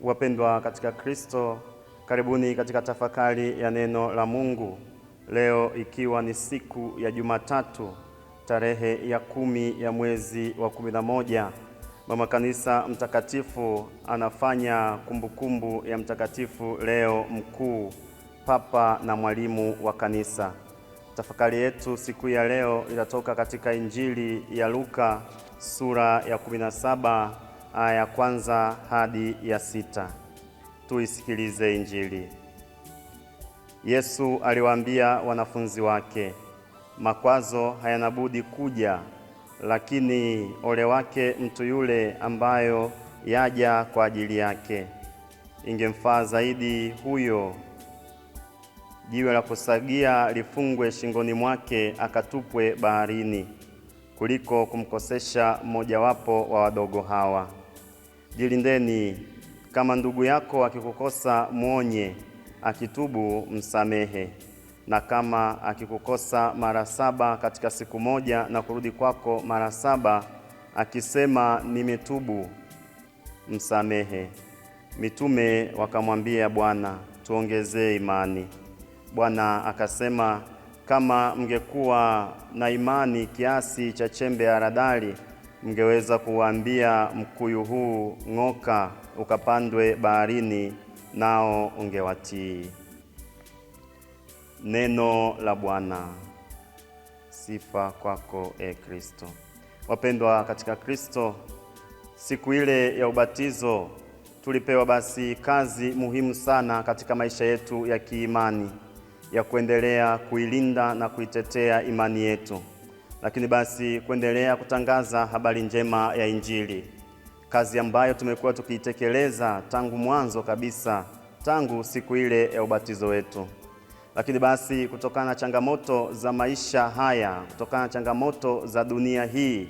Wapendwa katika Kristo, karibuni katika tafakari ya neno la Mungu leo, ikiwa ni siku ya Jumatatu tarehe ya kumi ya mwezi wa kumi na moja. Mama Kanisa Mtakatifu anafanya kumbukumbu kumbu ya Mtakatifu Leo Mkuu, papa na mwalimu wa Kanisa. Tafakari yetu siku ya leo inatoka katika Injili ya Luka sura ya 17 aya ya kwanza hadi ya sita. Tuisikilize Injili. Yesu aliwaambia wanafunzi wake, makwazo hayana budi kuja, lakini ole wake mtu yule ambayo yaja kwa ajili yake. Ingemfaa zaidi huyo jiwe la kusagia lifungwe shingoni mwake akatupwe baharini kuliko kumkosesha mmojawapo wa wadogo hawa. Jilindeni. Kama ndugu yako akikukosa mwonye, akitubu msamehe. Na kama akikukosa mara saba katika siku moja na kurudi kwako mara saba akisema nimetubu, msamehe. Mitume wakamwambia Bwana, tuongezee imani. Bwana akasema, kama mngekuwa na imani kiasi cha chembe ya haradali mngeweza kuwaambia mkuyu huu ng'oka, ukapandwe baharini, nao ungewatii. Neno la Bwana. Sifa kwako e Kristo. Wapendwa katika Kristo, siku ile ya ubatizo tulipewa basi kazi muhimu sana katika maisha yetu ya kiimani ya kuendelea kuilinda na kuitetea imani yetu lakini basi kuendelea kutangaza habari njema ya Injili, kazi ambayo tumekuwa tukiitekeleza tangu mwanzo kabisa, tangu siku ile ya ubatizo wetu. Lakini basi kutokana na changamoto za maisha haya, kutokana na changamoto za dunia hii,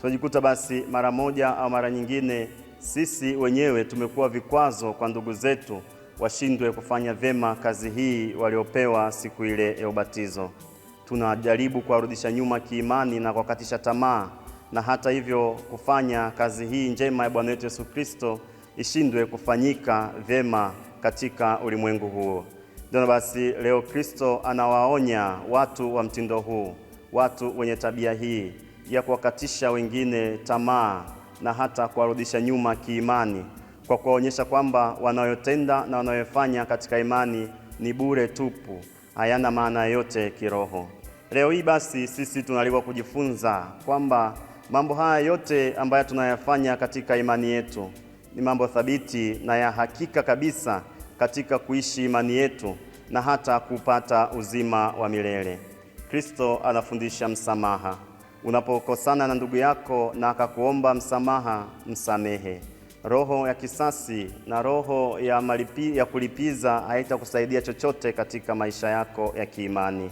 tunajikuta basi mara moja au mara nyingine sisi wenyewe tumekuwa vikwazo kwa ndugu zetu washindwe kufanya vyema kazi hii waliopewa siku ile ya ubatizo tunajaribu kuwarudisha nyuma kiimani na kuwakatisha tamaa, na hata hivyo kufanya kazi hii njema ya Bwana wetu Yesu Kristo ishindwe kufanyika vyema katika ulimwengu huo. Ndio basi leo Kristo anawaonya watu wa mtindo huu, watu wenye tabia hii ya kuwakatisha wengine tamaa na hata kuwarudisha nyuma kiimani, kwa kuwaonyesha kwamba wanayotenda na wanayofanya katika imani ni bure tupu, hayana maana yote kiroho. Leo hii basi sisi tunaalikwa kujifunza kwamba mambo haya yote ambayo tunayafanya katika imani yetu ni mambo thabiti na ya hakika kabisa katika kuishi imani yetu na hata kupata uzima wa milele. Kristo anafundisha msamaha. Unapokosana na ndugu yako na akakuomba msamaha, msamehe. Roho ya kisasi na roho ya malipi, ya kulipiza haitakusaidia chochote katika maisha yako ya kiimani.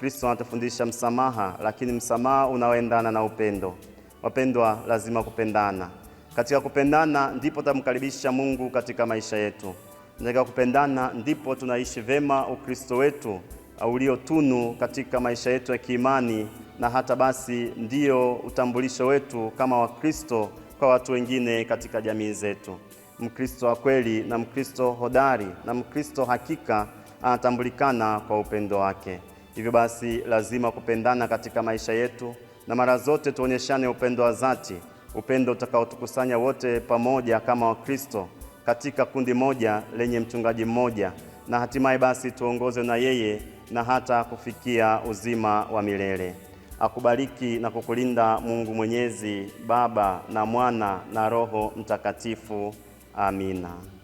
Kristo anatufundisha msamaha, lakini msamaha unaoendana na upendo. Wapendwa, lazima kupendana. Katika kupendana ndipo tutamkaribisha Mungu katika maisha yetu. Katika kupendana ndipo tunaishi vema Ukristo wetu tunu katika maisha yetu ya kiimani, na hata basi ndiyo utambulisho wetu kama Wakristo kwa watu wengine katika jamii zetu. Mkristo wa kweli na Mkristo hodari na Mkristo hakika anatambulikana kwa upendo wake. Hivyo basi lazima kupendana katika maisha yetu, na mara zote tuonyeshane upendo wa dhati, upendo utakaotukusanya wote pamoja kama Wakristo katika kundi moja lenye mchungaji mmoja, na hatimaye basi tuongozwe na yeye na hata kufikia uzima wa milele. Akubariki na kukulinda Mungu Mwenyezi, Baba na Mwana na Roho Mtakatifu. Amina.